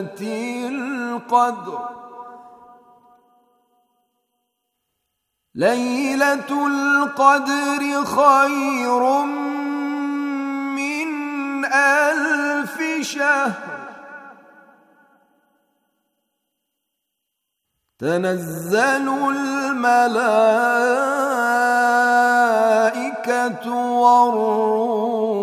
القدر ليلة القدر خير من ألف شهر تنزل الملائكة والروح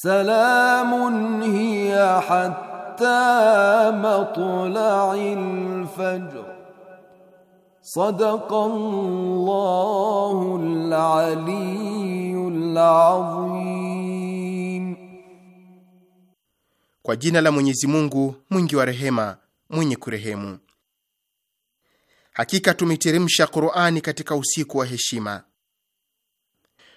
سلام هي حتى مطلع الفجر صدق الله Kwa jina la Mwenyezi Mungu mwingi wa rehema mwenye kurehemu. Hakika tumeteremsha Qur'ani katika usiku wa heshima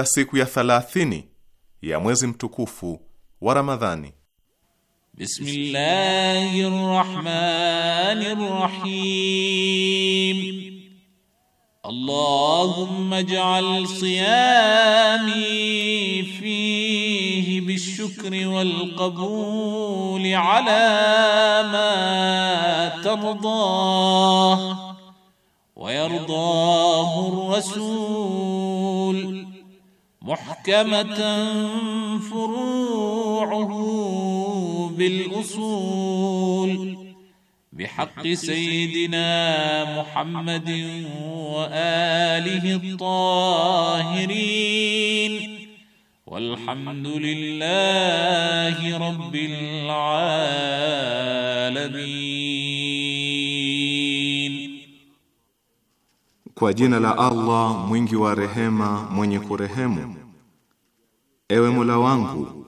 ya siku ya thalathini ya mwezi mtukufu wa Ramadhani. Bismillahir Rahmanir Rahim. اللهم اجعل صيامي فيه بالشكر والقبول على ما ترضاه ويرضاه الرسول محكمة فروعه بالأصول بحق سيدنا محمد وآله الطاهرين والحمد لله رب العالمين Kwa jina la Allah mwingi wa rehema mwenye kurehemu Ewe Mola wangu,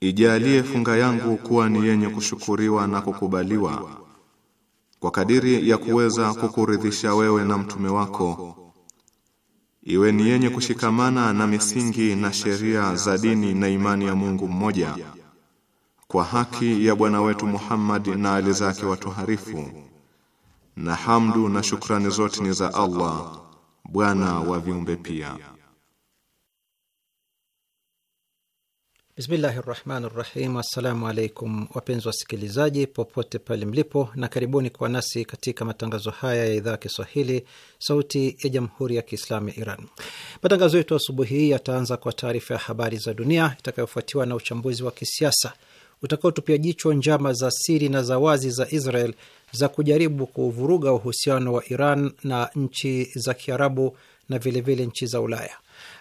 ijalie funga yangu kuwa ni yenye kushukuriwa na kukubaliwa kwa kadiri ya kuweza kukuridhisha wewe na mtume wako, iwe ni yenye kushikamana na misingi na sheria za dini na imani ya Mungu mmoja, kwa haki ya bwana wetu Muhammad na ali zake watuharifu, na hamdu na shukrani zote ni za Allah, bwana wa viumbe pia. Bismillahi rahmani rahim. Assalamu alaikum wapenzi wasikilizaji popote pale mlipo, na karibuni kwa nasi katika matangazo haya ya idhaa ya Kiswahili sauti ya jamhuri ya kiislamu ya Iran. Matangazo yetu asubuhi hii yataanza kwa taarifa ya habari za dunia itakayofuatiwa na uchambuzi wa kisiasa utakaotupia jicho njama za siri na za wazi za Israel za kujaribu kuvuruga uhusiano wa Iran na nchi za Kiarabu na vilevile vile nchi za Ulaya.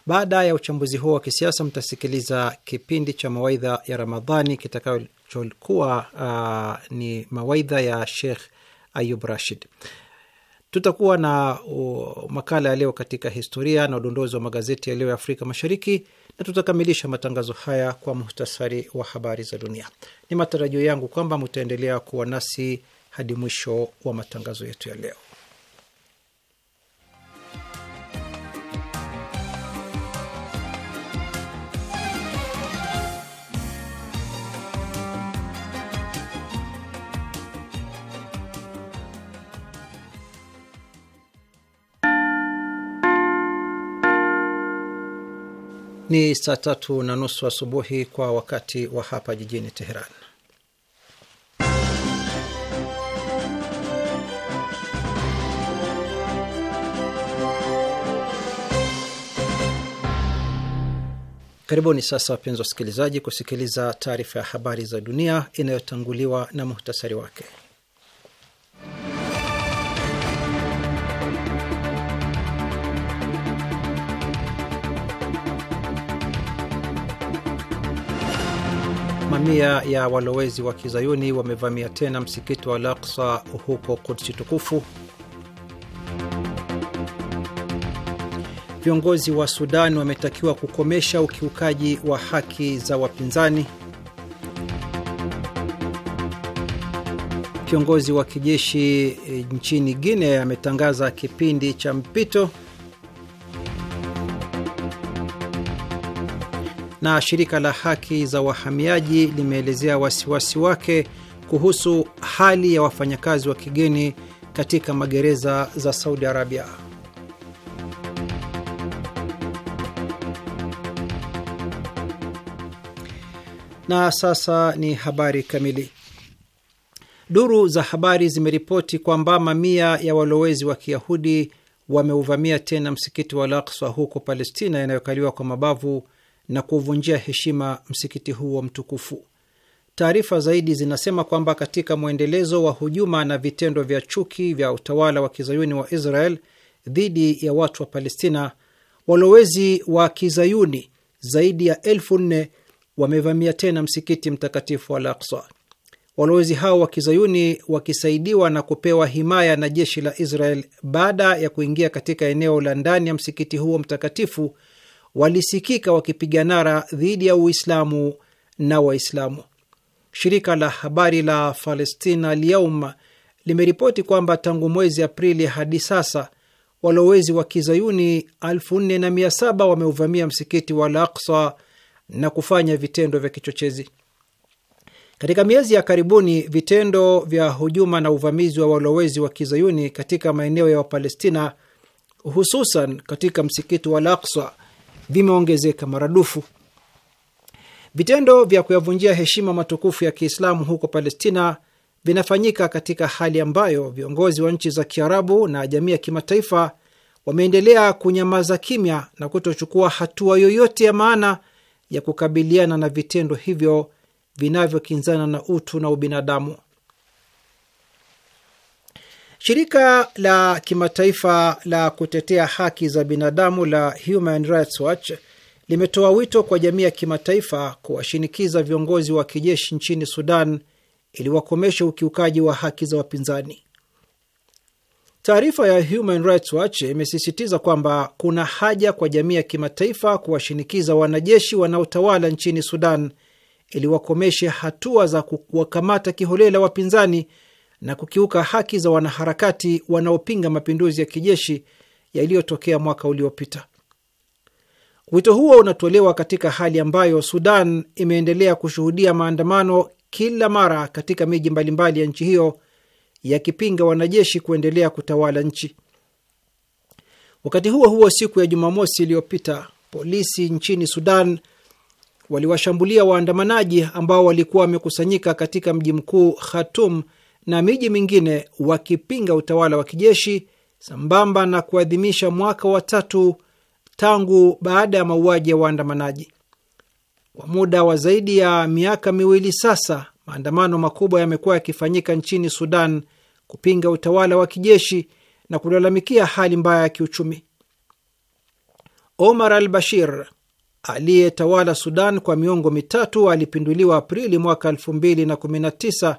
Baada ya uchambuzi huo wa kisiasa, mtasikiliza kipindi cha mawaidha ya Ramadhani kitakachokuwa uh, ni mawaidha ya Sheikh Ayub Rashid. Tutakuwa na uh, makala ya leo katika historia na udondozi wa magazeti ya leo ya Afrika Mashariki, na tutakamilisha matangazo haya kwa muhtasari wa habari za dunia. Ni matarajio yangu kwamba mtaendelea kuwa nasi hadi mwisho wa matangazo yetu ya leo. Ni saa tatu na nusu asubuhi wa kwa wakati wa hapa jijini Teheran. Karibuni sasa, wapenzi wasikilizaji, kusikiliza taarifa ya habari za dunia inayotanguliwa na muhtasari wake. Mamia ya walowezi wa kizayuni wamevamia tena msikiti wa Al-Aqsa huko Kudsi tukufu. Viongozi wa Sudan wametakiwa kukomesha ukiukaji wa haki za wapinzani. Kiongozi wa kijeshi nchini Guinea ametangaza kipindi cha mpito na shirika la haki za wahamiaji limeelezea wasiwasi wake kuhusu hali ya wafanyakazi wa kigeni katika magereza za Saudi Arabia. Na sasa ni habari kamili. Duru za habari zimeripoti kwamba mamia ya walowezi wa Kiyahudi wameuvamia tena msikiti wa Al-Aqsa huko Palestina inayokaliwa kwa mabavu na kuvunjia heshima msikiti huo mtukufu. Taarifa zaidi zinasema kwamba katika mwendelezo wa hujuma na vitendo vya chuki vya utawala wa kizayuni wa Israel dhidi ya watu wa Palestina, walowezi wa kizayuni zaidi ya elfu nne wamevamia tena msikiti mtakatifu Al Aksa. Walowezi hao wa kizayuni wakisaidiwa na kupewa himaya na jeshi la Israel, baada ya kuingia katika eneo la ndani ya msikiti huo mtakatifu walisikika wakipiga nara dhidi ya Uislamu na Waislamu. Shirika la habari la Palestina Alyaum limeripoti kwamba tangu mwezi Aprili hadi sasa walowezi wa kizayuni 4700 wameuvamia msikiti wa Al-Aqsa na kufanya vitendo vya kichochezi. Katika miezi ya karibuni, vitendo vya hujuma na uvamizi wa walowezi wa kizayuni katika maeneo ya Wapalestina, hususan katika msikiti wa Al-Aqsa vimeongezeka maradufu. Vitendo vya kuyavunjia heshima matukufu ya Kiislamu huko Palestina vinafanyika katika hali ambayo viongozi wa nchi za Kiarabu na jamii ya kimataifa wameendelea kunyamaza kimya na kutochukua hatua yoyote ya maana ya kukabiliana na vitendo hivyo vinavyokinzana na utu na ubinadamu. Shirika la kimataifa la kutetea haki za binadamu la Human Rights Watch limetoa wito kwa jamii ya kimataifa kuwashinikiza viongozi wa kijeshi nchini Sudan ili wakomeshe ukiukaji wa haki za wapinzani. Taarifa ya Human Rights Watch imesisitiza kwamba kuna haja kwa jamii ya kimataifa kuwashinikiza wanajeshi wanaotawala nchini Sudan ili wakomeshe hatua za kuwakamata kiholela wapinzani na kukiuka haki za wanaharakati wanaopinga mapinduzi ya kijeshi yaliyotokea mwaka uliopita. Wito huo unatolewa katika hali ambayo Sudan imeendelea kushuhudia maandamano kila mara katika miji mbalimbali ya nchi hiyo yakipinga wanajeshi kuendelea kutawala nchi. Wakati huo huo, siku ya Jumamosi iliyopita polisi nchini Sudan waliwashambulia waandamanaji ambao walikuwa wamekusanyika katika mji mkuu Khartoum na miji mingine wakipinga utawala wa kijeshi sambamba na kuadhimisha mwaka wa tatu tangu baada ya mauaji ya waandamanaji. Kwa muda wa zaidi ya miaka miwili sasa, maandamano makubwa yamekuwa yakifanyika nchini Sudan kupinga utawala wa kijeshi na kulalamikia hali mbaya ya kiuchumi. Omar al-Bashir aliyetawala Sudan kwa miongo mitatu alipinduliwa Aprili mwaka 2019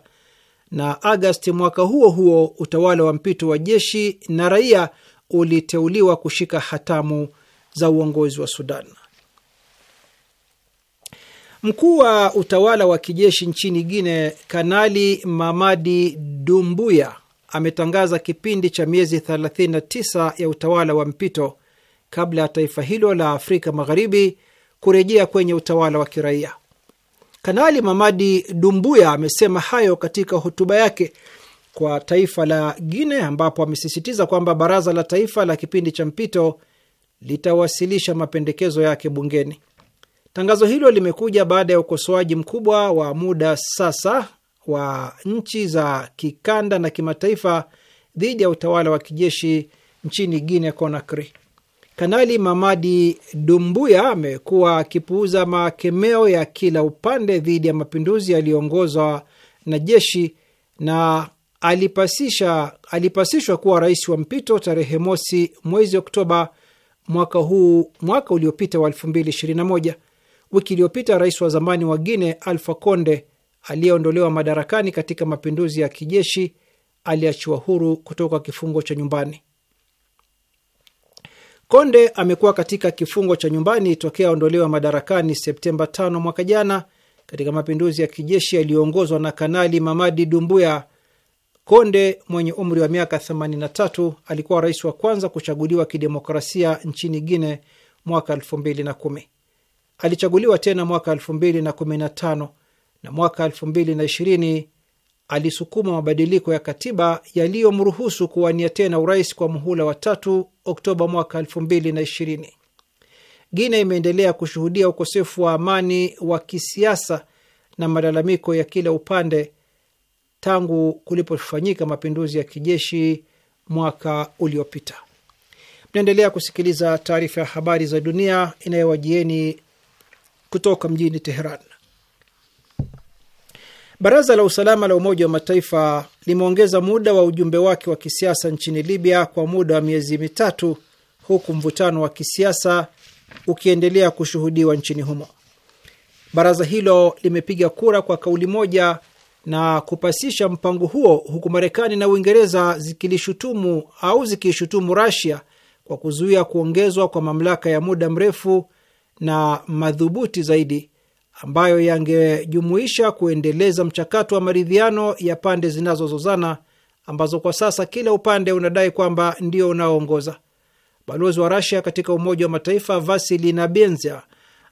na Agasti mwaka huo huo utawala wa mpito wa jeshi na raia uliteuliwa kushika hatamu za uongozi wa Sudan. Mkuu wa utawala wa kijeshi nchini Guine, Kanali Mamadi Dumbuya ametangaza kipindi cha miezi 39 ya utawala wa mpito kabla ya taifa hilo la Afrika Magharibi kurejea kwenye utawala wa kiraia. Kanali Mamadi Dumbuya amesema hayo katika hotuba yake kwa taifa la guine ambapo amesisitiza kwamba baraza la taifa la kipindi cha mpito litawasilisha mapendekezo yake bungeni. Tangazo hilo limekuja baada ya ukosoaji mkubwa wa muda sasa wa nchi za kikanda na kimataifa dhidi ya utawala wa kijeshi nchini Guinea Conakry. Kanali Mamadi Dumbuya amekuwa akipuuza makemeo ya kila upande dhidi ya mapinduzi yaliyoongozwa na jeshi na alipasisha, alipasishwa kuwa rais wa mpito tarehe mosi mwezi Oktoba mwaka huu, mwaka uliopita wa 2021. Wiki iliyopita rais wa zamani wa Guine Alfa Conde aliyeondolewa madarakani katika mapinduzi ya kijeshi aliachiwa huru kutoka kifungo cha nyumbani. Konde amekuwa katika kifungo cha nyumbani tokea aondolewa madarakani Septemba 5 mwaka jana katika mapinduzi ya kijeshi yaliyoongozwa na Kanali Mamadi Dumbuya. Konde mwenye umri wa miaka 83 alikuwa rais wa kwanza kuchaguliwa kidemokrasia nchini guine mwaka 2010. Alichaguliwa tena mwaka 2015 na mwaka 2020 alisukuma mabadiliko ya katiba yaliyomruhusu kuwania tena urais kwa muhula wa tatu Oktoba mwaka 2020. Gina imeendelea kushuhudia ukosefu wa amani wa kisiasa na malalamiko ya kila upande tangu kulipofanyika mapinduzi ya kijeshi mwaka uliopita. Mnaendelea kusikiliza taarifa ya habari za dunia inayowajieni kutoka mjini Teheran. Baraza la Usalama la Umoja wa Mataifa limeongeza muda wa ujumbe wake wa kisiasa nchini Libya kwa muda wa miezi mitatu, huku mvutano wa kisiasa ukiendelea kushuhudiwa nchini humo. Baraza hilo limepiga kura kwa kauli moja na kupasisha mpango huo, huku Marekani na Uingereza zikilishutumu au zikiishutumu Rasia kwa kuzuia kuongezwa kwa mamlaka ya muda mrefu na madhubuti zaidi ambayo yangejumuisha kuendeleza mchakato wa maridhiano ya pande zinazozozana ambazo kwa sasa kila upande unadai kwamba ndio unaoongoza. Balozi wa Rasia katika Umoja wa Mataifa Vasili Nabenzia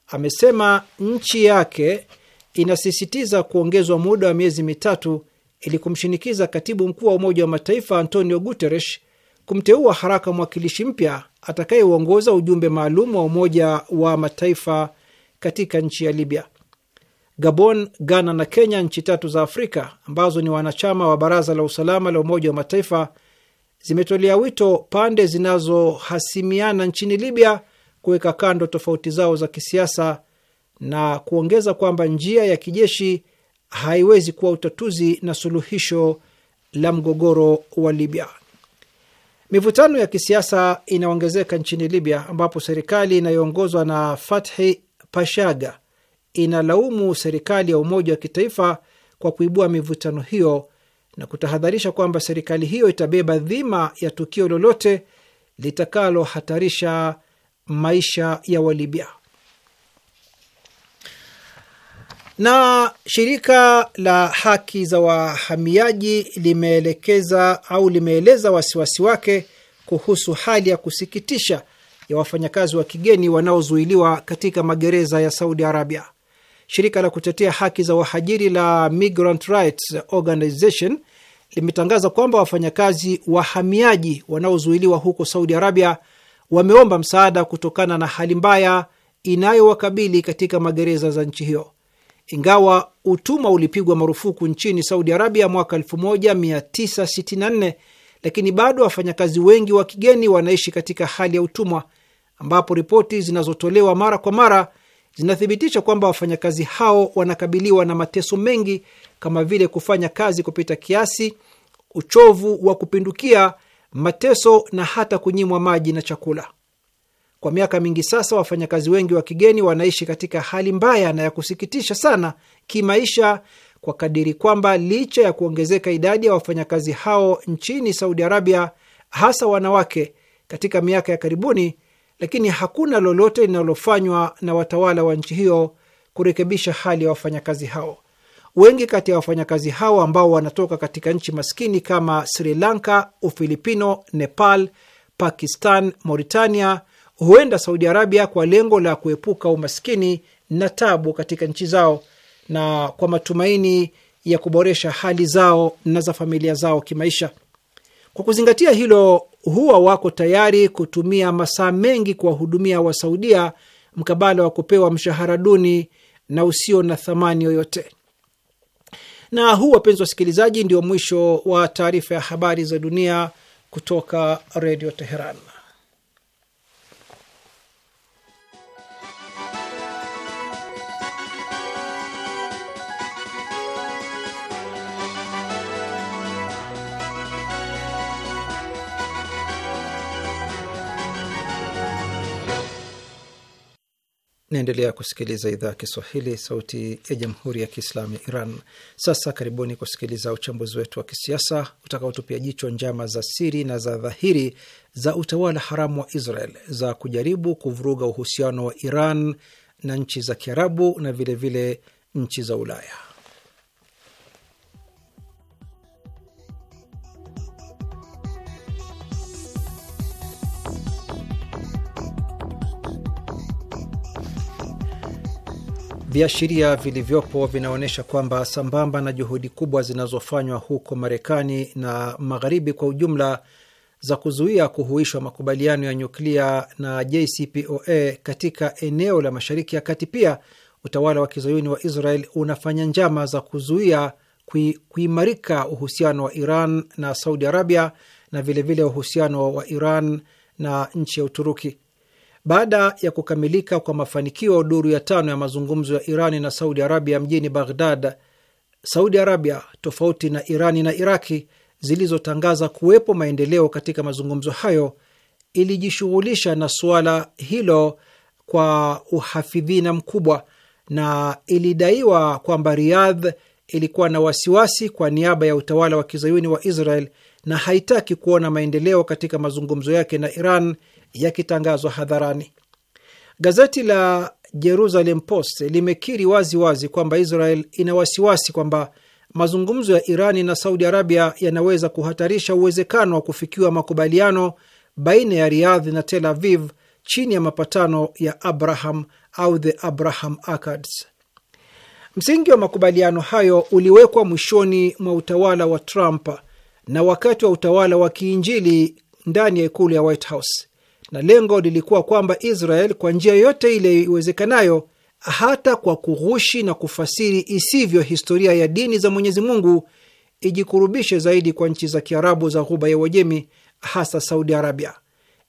amesema nchi yake inasisitiza kuongezwa muda wa miezi mitatu ili kumshinikiza katibu mkuu wa Umoja wa Mataifa Antonio Guterres kumteua haraka mwakilishi mpya atakayeuongoza ujumbe maalum wa Umoja wa Mataifa katika nchi ya Libya. Gabon, Ghana na Kenya, nchi tatu za Afrika ambazo ni wanachama wa Baraza la Usalama la Umoja wa Mataifa, zimetolea wito pande zinazohasimiana nchini Libya kuweka kando tofauti zao za kisiasa na kuongeza kwamba njia ya kijeshi haiwezi kuwa utatuzi na suluhisho la mgogoro wa Libya. Mivutano ya kisiasa inaongezeka nchini Libya ambapo serikali inayoongozwa na Fathi Pashaga inalaumu serikali ya umoja wa kitaifa kwa kuibua mivutano hiyo na kutahadharisha kwamba serikali hiyo itabeba dhima ya tukio lolote litakalohatarisha maisha ya Walibya. Na shirika la haki za wahamiaji limeelekeza au limeeleza wasiwasi wake kuhusu hali ya kusikitisha ya wafanyakazi wa kigeni wanaozuiliwa katika magereza ya Saudi Arabia. Shirika la kutetea haki za wahajiri la Migrant Rights Organization limetangaza kwamba wafanyakazi wahamiaji wanaozuiliwa huko Saudi Arabia wameomba msaada kutokana na hali mbaya inayowakabili katika magereza za nchi hiyo. Ingawa utumwa ulipigwa marufuku nchini Saudi Arabia mwaka 1964 lakini bado wafanyakazi wengi wa kigeni wanaishi katika hali ya utumwa, ambapo ripoti zinazotolewa mara kwa mara zinathibitisha kwamba wafanyakazi hao wanakabiliwa na mateso mengi kama vile kufanya kazi kupita kiasi, uchovu wa kupindukia, mateso na hata kunyimwa maji na chakula. Kwa miaka mingi sasa, wafanyakazi wengi wa kigeni wanaishi katika hali mbaya na ya kusikitisha sana kimaisha, kwa kadiri kwamba licha ya kuongezeka idadi ya wafanyakazi hao nchini Saudi Arabia, hasa wanawake, katika miaka ya karibuni lakini hakuna lolote linalofanywa na watawala wa nchi hiyo kurekebisha hali ya wafanyakazi hao. Wengi kati ya wafanyakazi hao ambao wanatoka katika nchi maskini kama Sri Lanka, Ufilipino, Nepal, Pakistan, Mauritania, huenda Saudi Arabia kwa lengo la kuepuka umaskini na tabu katika nchi zao na kwa matumaini ya kuboresha hali zao na za familia zao kimaisha. Kwa kuzingatia hilo, huwa wako tayari kutumia masaa mengi kuwahudumia Wasaudia mkabala wa kupewa mshahara duni na usio na thamani yoyote. Na huu, wapenzi wasikilizaji, ndio mwisho wa taarifa ya habari za dunia kutoka Redio Teheran. Naendelea kusikiliza idhaa ya Kiswahili, sauti ya jamhuri ya kiislamu ya Iran. Sasa karibuni kusikiliza uchambuzi wetu wa kisiasa utakaotupia jicho njama za siri na za dhahiri za utawala haramu wa Israel za kujaribu kuvuruga uhusiano wa Iran na nchi za Kiarabu na vilevile vile nchi za Ulaya. Viashiria vilivyopo vinaonyesha kwamba sambamba na juhudi kubwa zinazofanywa huko Marekani na Magharibi kwa ujumla za kuzuia kuhuishwa makubaliano ya nyuklia na JCPOA katika eneo la Mashariki ya Kati, pia utawala wa kizayuni wa Israel unafanya njama za kuzuia kuimarika uhusiano wa Iran na Saudi Arabia na vilevile uhusiano wa Iran na nchi ya Uturuki. Baada ya kukamilika kwa mafanikio duru ya tano ya mazungumzo ya Irani na Saudi Arabia mjini Baghdad, Saudi Arabia, tofauti na Irani na Iraki zilizotangaza kuwepo maendeleo katika mazungumzo hayo, ilijishughulisha na suala hilo kwa uhafidhina mkubwa, na ilidaiwa kwamba Riyadh ilikuwa na wasiwasi kwa niaba ya utawala wa kizayuni wa Israel na haitaki kuona maendeleo katika mazungumzo yake na Iran yakitangazwa hadharani. Gazeti la Jerusalem Post limekiri wazi wazi kwamba Israel ina wasiwasi kwamba mazungumzo ya Irani na Saudi Arabia yanaweza kuhatarisha uwezekano wa kufikiwa makubaliano baina ya riadh na Tel Aviv chini ya mapatano ya Abraham au the Abraham Accords. Msingi wa makubaliano hayo uliwekwa mwishoni mwa utawala wa Trump na wakati wa utawala wa kiinjili ndani ya ikulu ya White House na lengo lilikuwa kwamba Israel kwa njia yote ile iwezekanayo, hata kwa kughushi na kufasiri isivyo historia ya dini za Mwenyezi Mungu, ijikurubishe zaidi kwa nchi za Kiarabu za Ghuba ya Uajemi, hasa Saudi Arabia,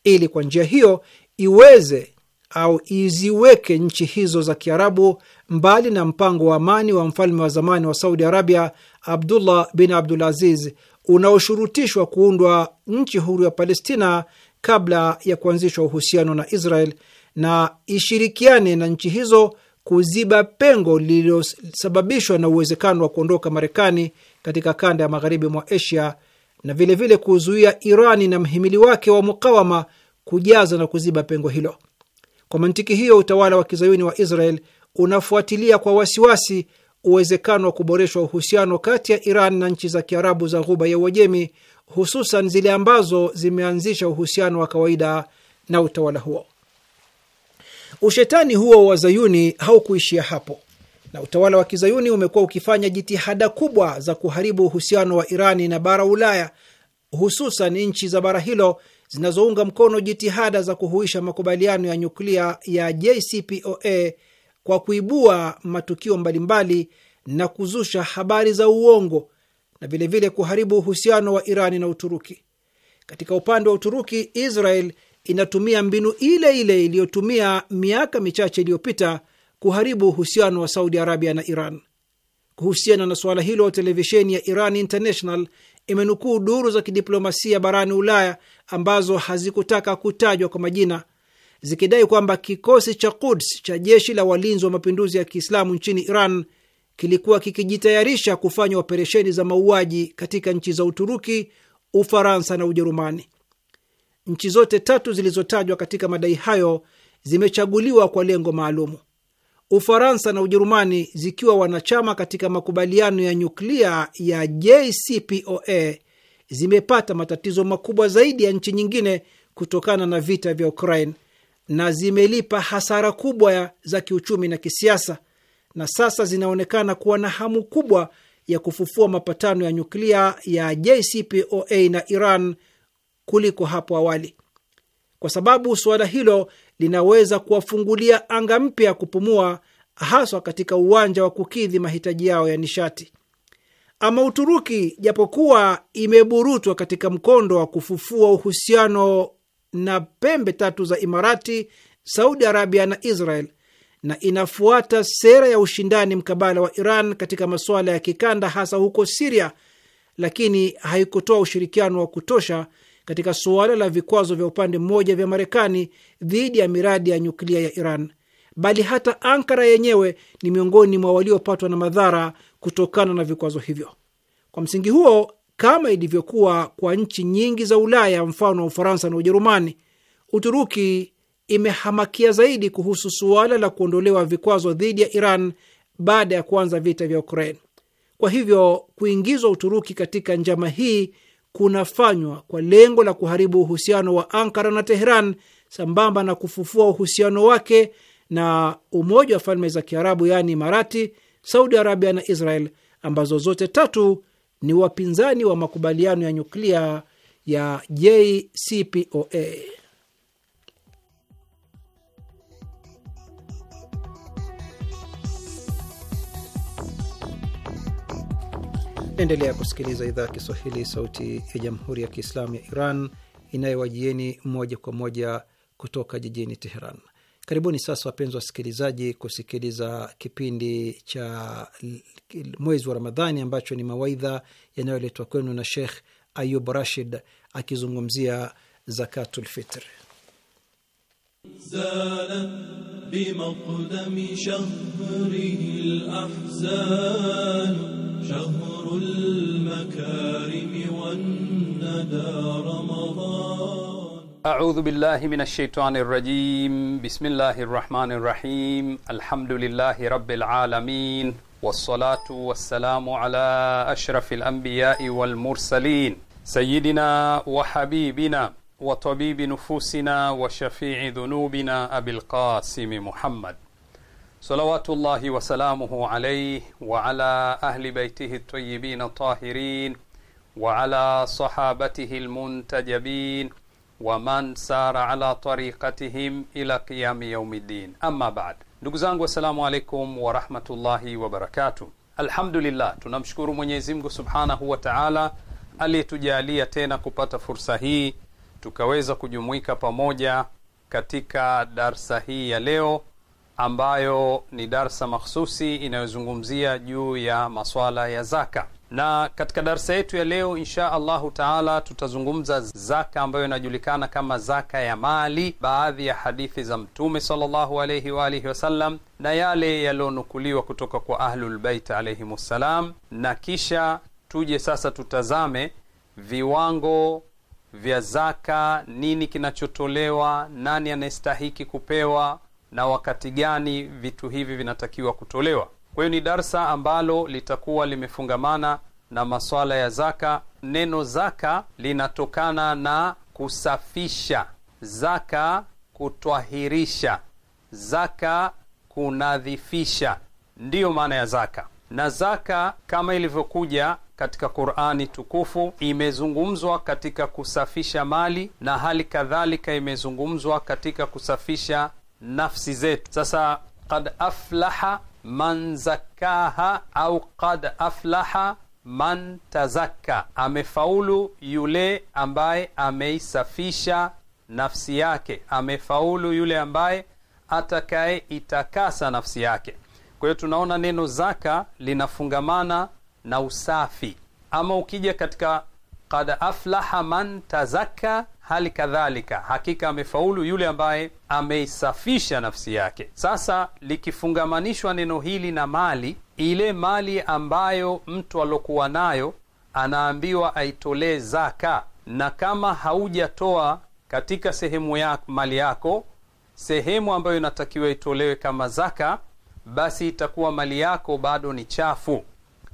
ili kwa njia hiyo iweze au iziweke nchi hizo za Kiarabu mbali na mpango wa amani wa mfalme wa zamani wa Saudi Arabia Abdullah bin Abdul Aziz unaoshurutishwa kuundwa nchi huru ya Palestina kabla ya kuanzishwa uhusiano na Israel na ishirikiane na nchi hizo kuziba pengo lililosababishwa na uwezekano wa kuondoka Marekani katika kanda ya magharibi mwa Asia na vilevile kuzuia Irani na mhimili wake wa mukawama kujaza na kuziba pengo hilo. Kwa mantiki hiyo, utawala wa kizayuni wa Israel unafuatilia kwa wasiwasi uwezekano wa kuboreshwa uhusiano kati ya Iran na nchi za Kiarabu za Ghuba ya Uajemi hususan zile ambazo zimeanzisha uhusiano wa kawaida na utawala huo. Ushetani huo wa Zayuni haukuishia hapo, na utawala wa kizayuni umekuwa ukifanya jitihada kubwa za kuharibu uhusiano wa Irani na bara Ulaya, hususan nchi za bara hilo zinazounga mkono jitihada za kuhuisha makubaliano ya nyuklia ya JCPOA kwa kuibua matukio mbalimbali na kuzusha habari za uongo na vilevile kuharibu uhusiano wa Irani na Uturuki. Katika upande wa Uturuki, Israel inatumia mbinu ile ile iliyotumia miaka michache iliyopita kuharibu uhusiano wa Saudi Arabia na Iran. Kuhusiana na suala hilo, televisheni ya Iran International imenukuu duru za kidiplomasia barani Ulaya ambazo hazikutaka kutajwa kwa majina zikidai kwamba kikosi cha Quds cha jeshi la walinzi wa mapinduzi ya Kiislamu nchini Iran kilikuwa kikijitayarisha kufanya operesheni za mauaji katika nchi za Uturuki, Ufaransa na Ujerumani. Nchi zote tatu zilizotajwa katika madai hayo zimechaguliwa kwa lengo maalumu, Ufaransa na Ujerumani zikiwa wanachama katika makubaliano ya nyuklia ya JCPOA zimepata matatizo makubwa zaidi ya nchi nyingine kutokana na vita vya Ukraine na zimelipa hasara kubwa za kiuchumi na kisiasa na sasa zinaonekana kuwa na hamu kubwa ya kufufua mapatano ya nyuklia ya JCPOA na Iran kuliko hapo awali, kwa sababu suala hilo linaweza kuwafungulia anga mpya ya kupumua, haswa katika uwanja wa kukidhi mahitaji yao ya nishati. Ama Uturuki, japokuwa imeburutwa katika mkondo wa kufufua uhusiano na pembe tatu za Imarati, Saudi Arabia na Israel, na inafuata sera ya ushindani mkabala wa Iran katika masuala ya kikanda, hasa huko Siria, lakini haikutoa ushirikiano wa kutosha katika suala la vikwazo vya upande mmoja vya Marekani dhidi ya miradi ya nyuklia ya Iran, bali hata Ankara yenyewe ni miongoni mwa waliopatwa na madhara kutokana na vikwazo hivyo. Kwa msingi huo, kama ilivyokuwa kwa nchi nyingi za Ulaya, mfano wa Ufaransa na Ujerumani, Uturuki imehamakia zaidi kuhusu suala la kuondolewa vikwazo dhidi ya Iran baada ya kuanza vita vya Ukraine. Kwa hivyo kuingizwa Uturuki katika njama hii kunafanywa kwa lengo la kuharibu uhusiano wa Ankara na Teheran sambamba na kufufua uhusiano wake na Umoja wa Falme za Kiarabu, yaani Imarati, Saudi Arabia na Israel, ambazo zote tatu ni wapinzani wa makubaliano ya nyuklia ya JCPOA. Endelea kusikiliza idhaa ya Kiswahili, sauti ya jamhuri ya kiislamu ya Iran inayowajieni moja kwa moja kutoka jijini Teheran. Karibuni sasa wapenzi wasikilizaji, kusikiliza kipindi cha mwezi wa Ramadhani ambacho ni mawaidha yanayoletwa kwenu na Sheikh Ayub Rashid akizungumzia zakatulfitri. زال بمقدم شهره الأحزان شهر المكارم والندى رمضان أعوذ بالله من الشيطان الرجيم بسم الله الرحمن الرحيم الحمد لله رب العالمين والصلاة والسلام على أشرف الأنبياء والمرسلين سيدنا وحبيبنا وطبيب نفوسنا وشفيع ذنوبنا أبي القاسم محمد صلوات الله وسلامه عليه وعلى أهل بيته الطيبين الطاهرين وعلى صحابته المنتجبين waman sara ala tariqatihim ila qiyami yaumi ddin amma baad, ndugu zangu, assalamu alaikum warahmatullahi wabarakatuh. Alhamdulillah, tunamshukuru Mwenyezi Mungu subhanahu wa taala aliyetujalia tena kupata fursa hii tukaweza kujumuika pamoja katika darsa hii ya leo ambayo ni darsa makhsusi inayozungumzia juu ya maswala ya zaka. Na katika darsa yetu ya leo insha Allahu taala tutazungumza zaka ambayo inajulikana kama zaka ya mali, baadhi ya hadithi za Mtume sallallahu alayhi wasallam na yale yaliyonukuliwa kutoka kwa Ahlulbeit alaihim wassalam, na kisha tuje sasa tutazame viwango vya zaka, nini kinachotolewa, nani anayestahiki kupewa na wakati gani vitu hivi vinatakiwa kutolewa. Kwa hiyo ni darsa ambalo litakuwa limefungamana na maswala ya zaka. Neno zaka linatokana na kusafisha, zaka kutwahirisha, zaka kunadhifisha, ndiyo maana ya zaka. Na zaka kama ilivyokuja katika Qur'ani tukufu imezungumzwa katika kusafisha mali na hali kadhalika imezungumzwa katika kusafisha nafsi zetu. Sasa qad aflaha man zakkaha au qad aflaha man tazakka, amefaulu yule ambaye ameisafisha nafsi yake, amefaulu yule ambaye atakaye itakasa nafsi yake. Kwa hiyo tunaona neno zaka linafungamana na usafi. Ama ukija katika qad aflaha man tazakka, hali kadhalika, hakika amefaulu yule ambaye ameisafisha nafsi yake. Sasa likifungamanishwa neno hili na mali, ile mali ambayo mtu alokuwa nayo anaambiwa aitolee zaka, na kama haujatoa katika sehemu ya mali yako sehemu ambayo inatakiwa itolewe kama zaka, basi itakuwa mali yako bado ni chafu.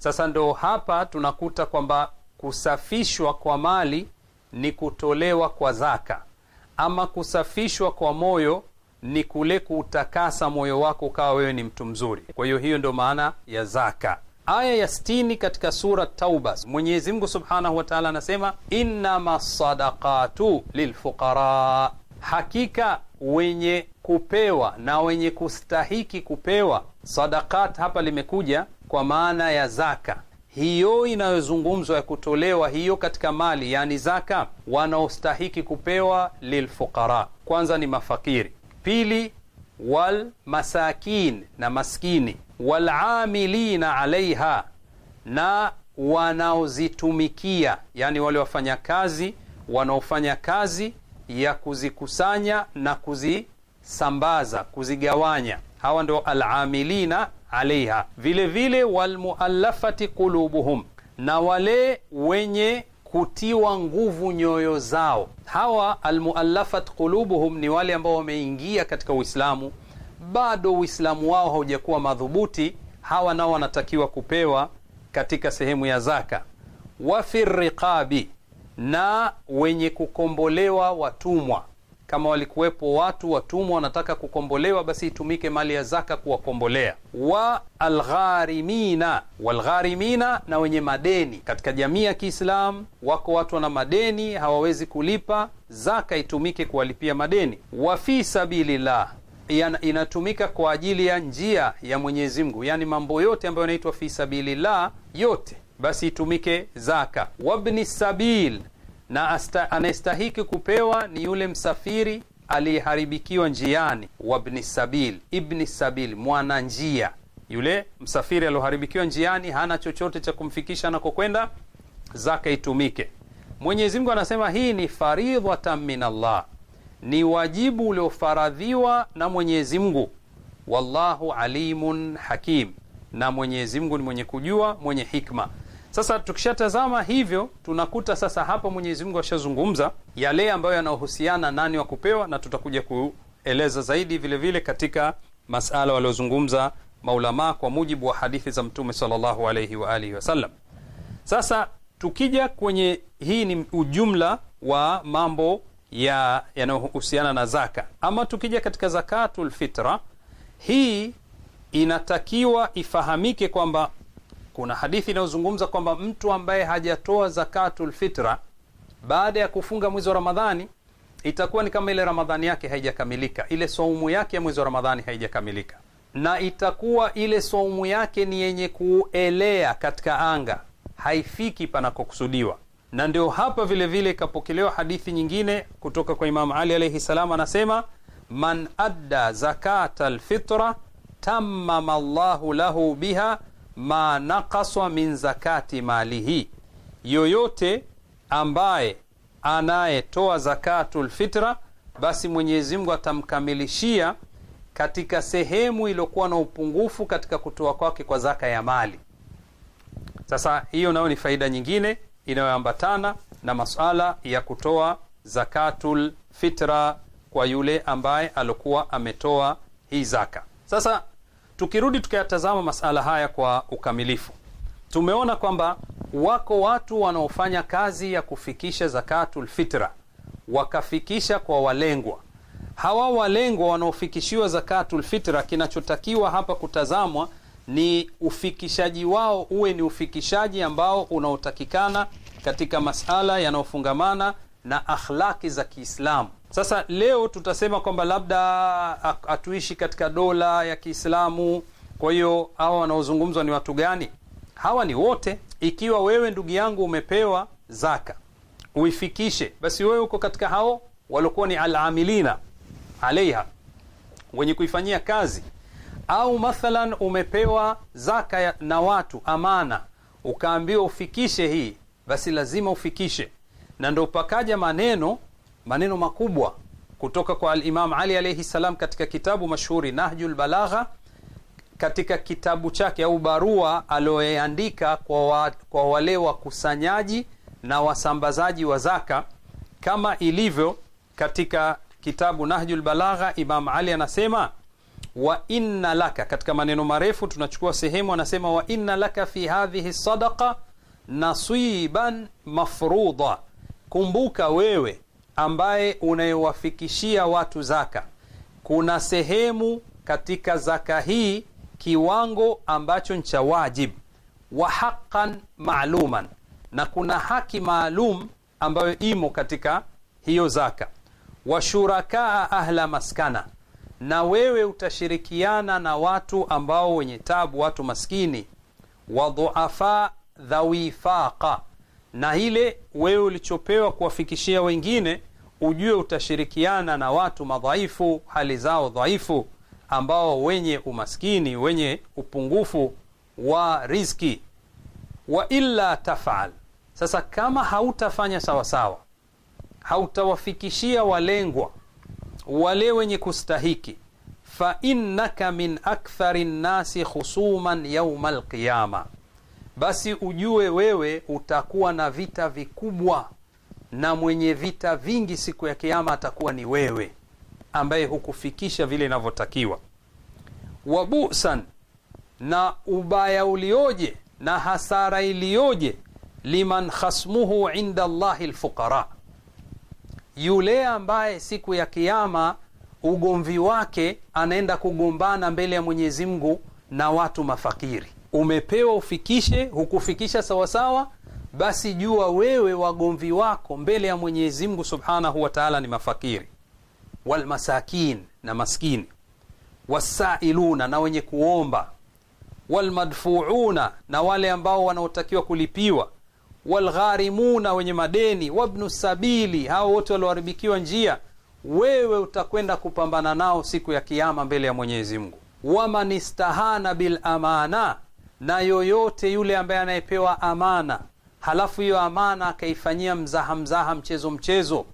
Sasa ndo hapa tunakuta kwamba kusafishwa kwa mali ni kutolewa kwa zaka, ama kusafishwa kwa moyo ni kule kuutakasa moyo wako ukawa wewe ni mtu mzuri. Kwa hiyo hiyo ndo maana ya zaka. Aya ya sitini katika sura Tauba, Mwenyezi Mungu subhanahu wa taala anasema innama sadakatu lilfuqara, hakika wenye kupewa na wenye kustahiki kupewa. sadakat, hapa limekuja kwa maana ya zaka hiyo inayozungumzwa ya kutolewa hiyo katika mali, yani zaka, wanaostahiki kupewa lilfuqara, kwanza ni mafakiri, pili walmasakin, na maskini, walamilina alaiha, na wanaozitumikia, yani wale wafanyakazi wanaofanya kazi ya kuzikusanya na kuzisambaza, kuzigawanya, hawa ndo alamilina alaiha, vilevile walmuallafati qulubuhum, na wale wenye kutiwa nguvu nyoyo zao. Hawa almuallafat qulubuhum ni wale ambao wameingia katika Uislamu, bado Uislamu wao haujakuwa madhubuti. Hawa nao wanatakiwa kupewa katika sehemu ya zaka. Wafi riqabi, na wenye kukombolewa watumwa kama walikuwepo watu watumwa wanataka kukombolewa, basi itumike mali ya zaka kuwakombolea. wa algharimina walgharimina, na wenye madeni katika jamii ya Kiislamu wako watu wana madeni hawawezi kulipa, zaka itumike kuwalipia madeni. wa fi sabilillah inatumika kwa ajili ya njia ya Mwenyezi Mungu, yani mambo yote ambayo yanaitwa fi sabilillah yote, basi itumike zaka. wabni sabil na anayestahiki kupewa ni yule msafiri aliyeharibikiwa njiani, wabni sabil, ibni sabil, mwana njia. Yule msafiri alioharibikiwa njiani hana chochote cha kumfikisha anakokwenda, zaka itumike. Mwenyezi Mungu anasema hii ni faridhatan min Allah, ni wajibu uliofaradhiwa na Mwenyezi Mungu. Wallahu alimun hakim, na Mwenyezi Mungu ni mwenye kujua, mwenye hikma. Sasa tukishatazama hivyo, tunakuta sasa hapa Mwenyezi Mungu ashazungumza yale ambayo yanahusiana nani wa kupewa, na tutakuja kueleza zaidi vilevile vile katika masala waliozungumza maulamaa kwa mujibu wa hadithi za Mtume sallallahu alayhi wa alihi wasallam. Sasa tukija kwenye hii, ni ujumla wa mambo ya yanayohusiana na zaka. Ama tukija katika zakatul fitra, hii inatakiwa ifahamike kwamba kuna hadithi inayozungumza kwamba mtu ambaye hajatoa zakatul fitra baada ya kufunga mwezi wa Ramadhani itakuwa ni kama ile Ramadhani yake haijakamilika, ile saumu yake ya mwezi wa Ramadhani haijakamilika, na itakuwa ile saumu yake ni yenye kuelea katika anga, haifiki panakokusudiwa. Na ndio hapa vilevile ikapokelewa vile hadithi nyingine kutoka kwa Imamu Ali alaihi salam, anasema man adda zakata lfitra tamama llahu lahu biha ma nakaswa min zakati malihi, yoyote ambaye anayetoa zakatul fitra, basi Mwenyezi Mungu atamkamilishia katika sehemu iliyokuwa na upungufu katika kutoa kwake kwa zaka ya mali. Sasa hiyo nayo ni faida nyingine inayoambatana na masala ya kutoa zakatul fitra kwa yule ambaye alikuwa ametoa hii zaka. Sasa Tukirudi tukayatazama masala haya kwa ukamilifu, tumeona kwamba wako watu wanaofanya kazi ya kufikisha zakatul fitra wakafikisha kwa walengwa. Hawa walengwa wanaofikishiwa zakatul fitra, kinachotakiwa hapa kutazamwa ni ufikishaji wao uwe ni ufikishaji ambao unaotakikana katika masala yanayofungamana na akhlaki za Kiislamu. Sasa leo tutasema kwamba labda hatuishi katika dola ya Kiislamu, kwa hiyo hawa wanaozungumzwa ni watu gani? Hawa ni wote. Ikiwa wewe ndugu yangu umepewa zaka uifikishe, basi wewe uko katika hao waliokuwa ni alamilina aleiha wenye kuifanyia kazi. Au mathalan umepewa zaka na watu amana, ukaambiwa ufikishe hii, basi lazima ufikishe, na ndo pakaja maneno maneno makubwa kutoka kwa Alimam Ali alaihi salam katika kitabu mashuhuri Nahju lbalagha, katika kitabu chake au barua aliyoandika kwa, wa, kwa wale wakusanyaji na wasambazaji wa zaka, kama ilivyo katika kitabu Nahju lbalagha, Imam Ali anasema wa inna laka, katika maneno marefu tunachukua sehemu, anasema wa inna laka fi hadhihi sadaqa nasiban mafruda, kumbuka wewe ambaye unayowafikishia watu zaka, kuna sehemu katika zaka hii kiwango ambacho ni cha wajib wa haqan maaluman, na kuna haki maalum ambayo imo katika hiyo zaka. Washurakaa ahla maskana, na wewe utashirikiana na watu ambao wenye tabu, watu maskini. Wadhuafa dhawifaqa na ile wewe ulichopewa kuwafikishia wengine, ujue utashirikiana na watu madhaifu, hali zao dhaifu, ambao wenye umaskini, wenye upungufu wa riski Wa illa tafal, sasa kama hautafanya sawasawa, hautawafikishia walengwa wale wenye kustahiki, fa innaka min akthari nnasi khusuman yauma alqiyama basi ujue wewe utakuwa na vita vikubwa, na mwenye vita vingi siku ya Kiama atakuwa ni wewe ambaye hukufikisha vile inavyotakiwa. Wabusan, na ubaya ulioje na hasara iliyoje! Liman khasmuhu inda llahi lfuqara, yule ambaye siku ya Kiama ugomvi wake anaenda kugombana mbele ya Mwenyezi Mungu na watu mafakiri umepewa ufikishe, hukufikisha sawasawa, basi jua wewe wagomvi wako mbele ya Mwenyezi Mungu subhanahu wa taala ni mafakiri walmasakin, na maskini, wasailuna, na wenye kuomba, walmadfuuna, na wale ambao wanaotakiwa kulipiwa, walgharimuna, wenye madeni, wabnu sabili, hao wote walioharibikiwa njia wewe utakwenda kupambana nao siku ya Kiama mbele ya Mwenyezi Mungu. Waman istahana na yoyote yule ambaye anayepewa amana halafu hiyo amana akaifanyia mzaha mzaha, mchezo mchezo,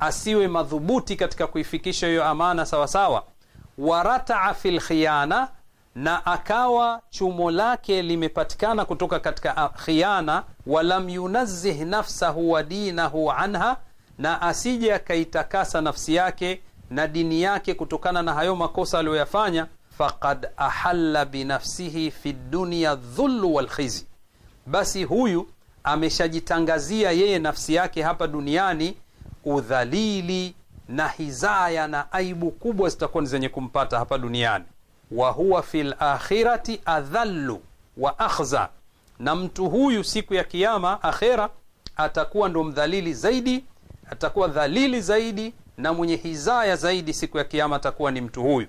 asiwe madhubuti katika kuifikisha hiyo amana sawasawa. Warataa fi lkhiyana, na akawa chumo lake limepatikana kutoka katika khiana. Walam yunazih nafsahu wa dinahu anha, na asije akaitakasa nafsi yake na dini yake kutokana na hayo makosa aliyoyafanya faqad ahalla binafsihi fi dunya dhullu walkhizi, basi huyu ameshajitangazia yeye nafsi yake hapa duniani udhalili na hizaya na aibu kubwa zitakuwa ni zenye kumpata hapa duniani. Wa huwa fi lakhirati adhallu wa akhza, na mtu huyu siku ya kiama akhera, atakuwa ndo mdhalili zaidi, atakuwa dhalili zaidi na mwenye hizaya zaidi siku ya kiama atakuwa ni mtu huyu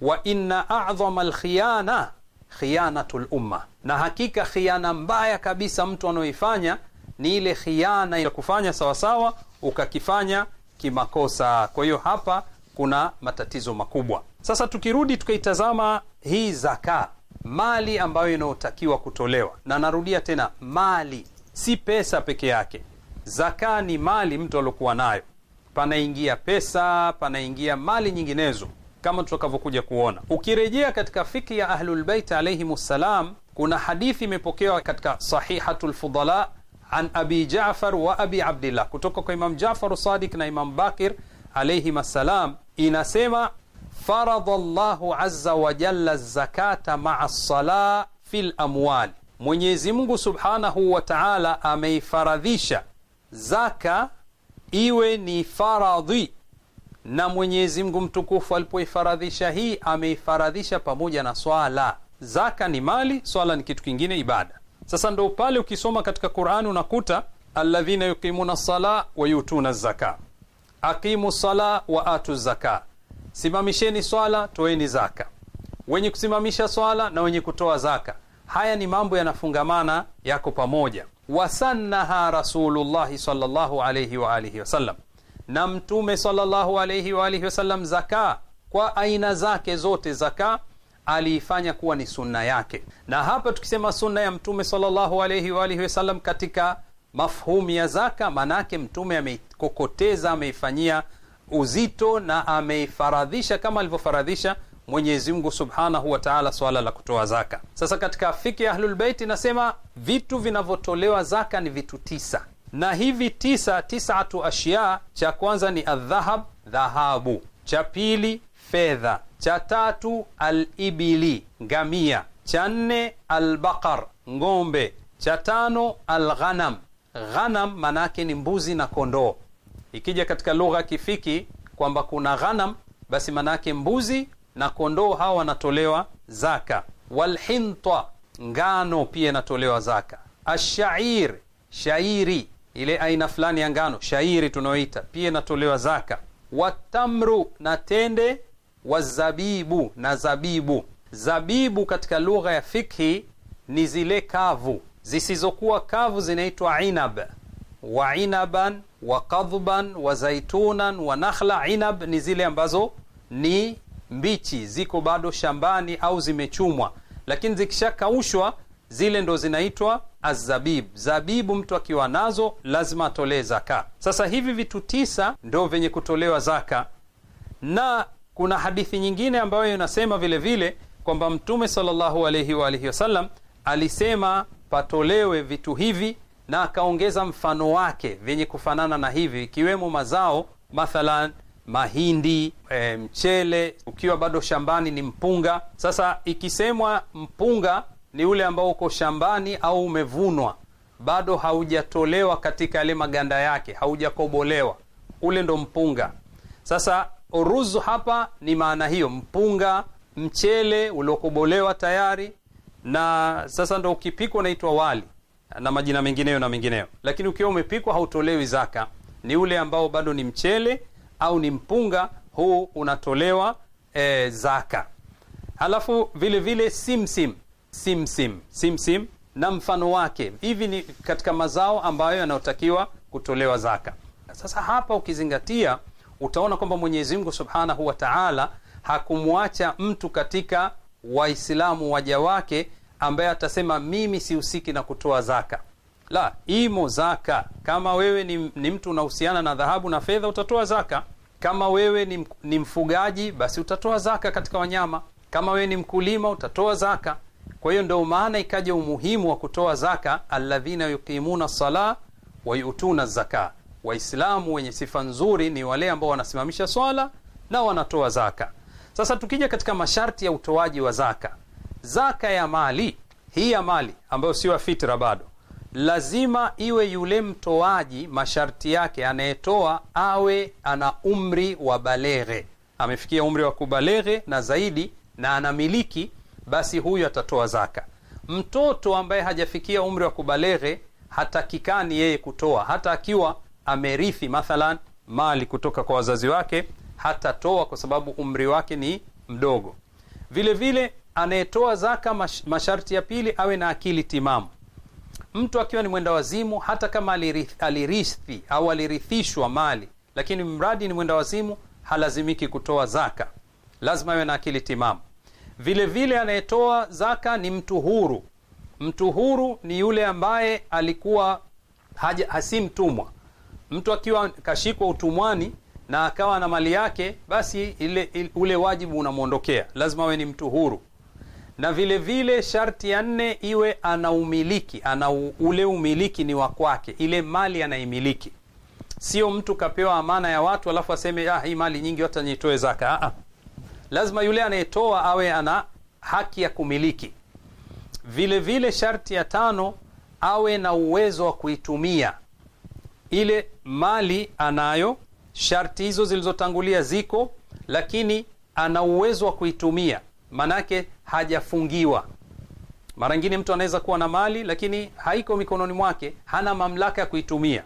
wa inna a'dhama alkhiyana khiyanatu lumma, na hakika khiana mbaya kabisa mtu anaoifanya ni ile khiana ya kufanya sawasawa ukakifanya kimakosa. Kwa hiyo hapa kuna matatizo makubwa. Sasa tukirudi tukaitazama hii zaka, mali ambayo inayotakiwa kutolewa, na narudia tena, mali si pesa peke yake. Zaka ni mali mtu aliokuwa nayo, panaingia pesa, panaingia mali nyinginezo kama tutakavyokuja kuona. Ukirejea katika fiki ya Ahlulbeit alaihim ssalam, kuna hadithi imepokewa katika Sahihatu lfudala an abi Jafar wa abi Abdillah, kutoka kwa Imam Jafar Sadik na Imam Bakir alaihim assalam, inasema faradha llahu aza wajalla zakata maa lsala fi lamwali, Mwenyezi subhanahu wataala ameifaradhisha zaka iwe ni faradhi na Mwenyezi Mungu mtukufu alipoifaradhisha hii, ameifaradhisha pamoja na swala. Zaka ni mali, swala ni kitu kingine, ibada. Sasa ndo pale ukisoma katika Qur'ani unakuta alladhina yuqimuna sala wa yutuna zaka, aqimu sala wa atu zaka, simamisheni swala, toeni zaka. Wenye kusimamisha swala na wenye kutoa zaka, haya ni mambo yanafungamana, yako pamoja. Wasannaha Rasulullahi sallallahu alayhi wa alihi wasallam na Mtume sallallahu alayhi wa alihi wasallam zaka kwa aina zake zote, zaka aliifanya kuwa ni sunna yake. Na hapa tukisema sunna ya Mtume sallallahu alayhi wa alihi wasallam katika mafhumu ya zaka, maanake Mtume ameikokoteza, ameifanyia uzito na ameifaradhisha kama alivyofaradhisha Mwenyezi Mungu subhanahu wa taala swala la kutoa zaka. Sasa katika fiki ya Ahlulbeiti inasema vitu vinavyotolewa zaka ni vitu tisa na hivi tisa, tisatu ashya, cha kwanza ni aldhahab, dhahabu, cha pili fedha, cha tatu alibili, ngamia, cha nne albaqar, ng'ombe, cha tano alghanam. Ghanam manake ni mbuzi na kondoo. Ikija katika lugha ya kifiki kwamba kuna ghanam, basi manake mbuzi na kondoo hawa wanatolewa zaka. Walhinta, ngano pia inatolewa zaka. Ashair, shairi ile aina fulani ya ngano shairi tunaoita pia inatolewa zaka. Watamru na tende, wazabibu na zabibu. Zabibu katika lugha ya fikhi ni zile kavu, zisizokuwa kavu zinaitwa inab. Wa inaban wa kadhban wa zaitunan wa nakhla. Inab ni zile ambazo ni mbichi, ziko bado shambani au zimechumwa, lakini zikishakaushwa zile ndo zinaitwa azabib zabibu, mtu akiwa nazo lazima atolee zaka. Sasa hivi vitu tisa ndo vyenye kutolewa zaka, na kuna hadithi nyingine ambayo inasema vilevile kwamba Mtume sallallahu alaihi wa alihi wasallam alisema patolewe vitu hivi, na akaongeza mfano wake vyenye kufanana na hivi, ikiwemo mazao mathalan mahindi e, mchele ukiwa bado shambani ni mpunga. Sasa ikisemwa mpunga ni ule ambao uko shambani au umevunwa, bado haujatolewa katika yale maganda yake, haujakobolewa, ule ndo mpunga. Sasa uruzu hapa ni maana hiyo, mpunga, mchele uliokobolewa tayari, na sasa ndo ukipikwa unaitwa wali na majina mengineyo na mengineyo. Lakini ukiwa umepikwa hautolewi zaka, ni ule ambao bado ni mchele au ni mpunga, huu unatolewa e, zaka. Halafu vile vile simsim simsim simsim na mfano wake. Hivi ni katika mazao ambayo yanayotakiwa kutolewa zaka. Sasa hapa ukizingatia, utaona kwamba Mwenyezi Mungu Subhanahu wa Ta'ala hakumwacha mtu katika Waislamu waja wake ambaye atasema mimi sihusiki na kutoa zaka. La, imo zaka. Kama wewe ni, ni mtu unahusiana na dhahabu na fedha, utatoa zaka. Kama wewe ni, ni mfugaji, basi utatoa zaka katika wanyama. Kama wewe ni mkulima, utatoa zaka kwa hiyo ndo maana ikaja umuhimu wa kutoa zaka, alladhina yuqimuna sala wayutuna zaka. Waislamu wenye sifa nzuri ni wale ambao wanasimamisha swala na wanatoa zaka. Sasa tukija katika masharti ya utoaji wa zaka, zaka ya mali hii ya mali ambayo sio ya fitra bado, lazima iwe yule mtoaji, masharti yake anayetoa awe ana umri wa baleghe, amefikia umri wa kubaleghe na zaidi, na anamiliki basi huyu atatoa zaka. Mtoto ambaye hajafikia umri wa kubalehe hatakikani yeye kutoa, hata akiwa amerithi mathalan mali kutoka kwa wazazi wake hatatoa, kwa sababu umri wake ni mdogo. Vilevile vile anayetoa zaka, masharti ya pili, awe na akili timamu. Mtu akiwa ni mwenda wazimu, hata kama alirithi, alirithi au alirithishwa mali, lakini mradi ni mwenda wazimu, halazimiki kutoa zaka. Lazima awe na akili timamu. Vile vile anayetoa zaka ni mtu huru. Mtu huru ni yule ambaye alikuwa haja, hasi mtumwa. Mtu akiwa kashikwa utumwani na akawa na mali yake, basi ile, ile, ule wajibu unamwondokea, lazima awe ni mtu huru. Na vile vile sharti ya nne iwe anaumiliki, ana ule umiliki ni wa kwake, ile mali anaimiliki, sio mtu kapewa amana ya watu alafu aseme ah, hii mali nyingi hata nitoe zaka lazima yule anayetoa awe ana haki ya kumiliki. Vile vile sharti ya tano, awe na uwezo wa kuitumia ile mali anayo. Sharti hizo zilizotangulia ziko, lakini ana uwezo wa kuitumia, manake hajafungiwa. Mara nyingine mtu anaweza kuwa na mali lakini haiko mikononi mwake, hana mamlaka ya kuitumia,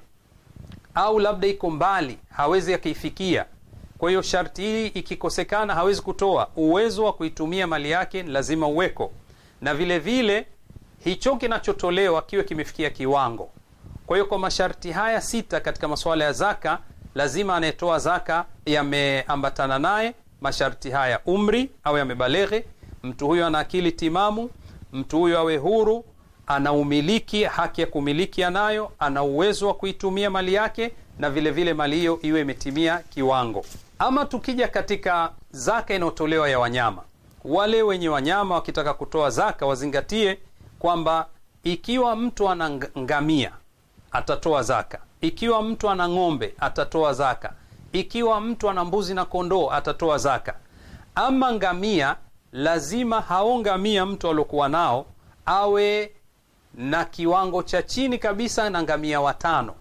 au labda iko mbali, hawezi akaifikia kwa hiyo sharti hii ikikosekana, hawezi kutoa. Uwezo wa kuitumia mali yake lazima uweko, na vile vile hicho kinachotolewa kiwe kimefikia kiwango. Kwa hiyo kwa masharti haya sita katika masuala ya zaka, lazima anayetoa zaka yameambatana naye masharti haya: umri au yamebaleghe, mtu huyo ana akili timamu, mtu huyo awe huru, ana umiliki, haki ya kumiliki anayo, ana uwezo wa kuitumia mali yake, na vilevile vile mali hiyo iwe imetimia kiwango. Ama tukija katika zaka inayotolewa ya wanyama, wale wenye wanyama wakitaka kutoa zaka wazingatie kwamba ikiwa mtu ana ngamia atatoa zaka, ikiwa mtu ana ng'ombe atatoa zaka, ikiwa mtu ana mbuzi na kondoo atatoa zaka. Ama ngamia, lazima hao ngamia mtu aliokuwa nao awe na kiwango cha chini kabisa na ngamia watano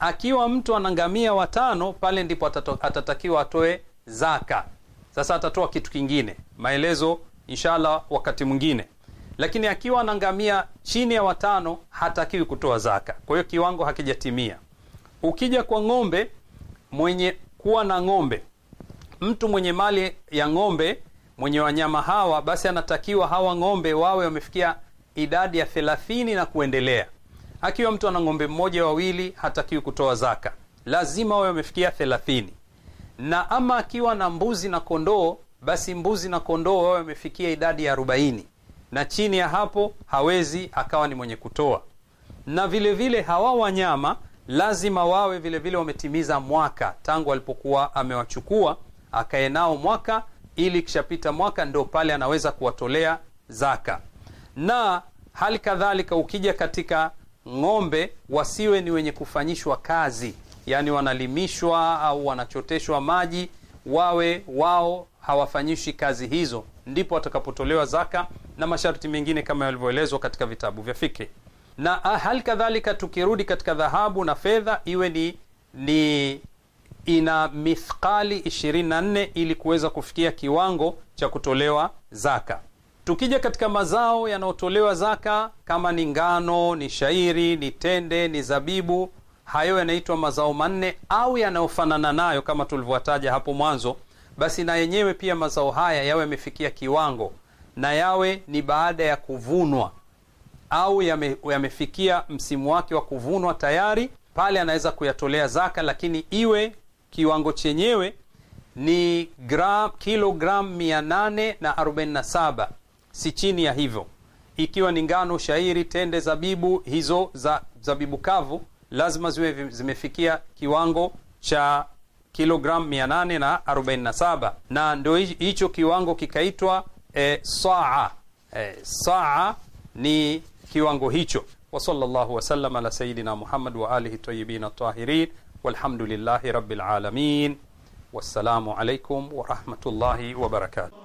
akiwa mtu ana ngamia watano, pale ndipo atatakiwa atoe zaka. Sasa atatoa kitu kingine, maelezo inshallah wakati mwingine, lakini akiwa anangamia ngamia chini ya watano hatakiwi kutoa zaka. Kwa hiyo kiwango hakijatimia. Ukija kwa ng'ombe, mwenye kuwa na ng'ombe, mtu mwenye mali ya ng'ombe, mwenye wanyama hawa, basi anatakiwa hawa ng'ombe wawe wamefikia idadi ya thelathini na kuendelea. Akiwa mtu ana ng'ombe mmoja wawili, hatakiwi kutoa zaka, lazima wawe wamefikia thelathini. Na ama akiwa na mbuzi na kondoo, basi mbuzi na kondoo wawe wamefikia idadi ya arobaini, na chini ya hapo hawezi akawa ni mwenye kutoa. Na vilevile vile hawa wanyama lazima wawe vilevile vile wametimiza mwaka tangu alipokuwa amewachukua akae nao mwaka, ili kishapita mwaka ndo pale anaweza kuwatolea zaka. Na hali kadhalika ukija katika ng'ombe wasiwe ni wenye kufanyishwa kazi, yani wanalimishwa au wanachoteshwa maji, wawe wao hawafanyishi kazi hizo, ndipo watakapotolewa zaka na masharti mengine kama yalivyoelezwa katika vitabu vya fiki. Na ah, hali kadhalika, tukirudi katika dhahabu na fedha, iwe ni ni ina mithqali 24 ili kuweza kufikia kiwango cha kutolewa zaka. Tukija katika mazao yanayotolewa zaka, kama ni ngano, ni shairi, ni tende, ni zabibu, hayo yanaitwa mazao manne au yanayofanana nayo kama tulivyotaja hapo mwanzo. Basi na yenyewe pia mazao haya yawe yamefikia kiwango na yawe ni baada ya kuvunwa au yame, yamefikia msimu wake wa kuvunwa tayari, pale anaweza kuyatolea zaka, lakini iwe kiwango chenyewe ni kilogramu 847 si chini ya hivyo, ikiwa ni ngano, shairi, tende, zabibu. Hizo za zabibu kavu lazima ziwe zimefikia kiwango cha kilogramu 847 na na ndio hicho kiwango kikaitwa e, saa e, saa ni kiwango hicho. wa sallallahu wa sallam ala sayidina Muhammad wa alihi tayyibin tahirin walhamdulillahi rabbil alamin. Wassalamu alaikum wa rahmatullahi wa barakatuh.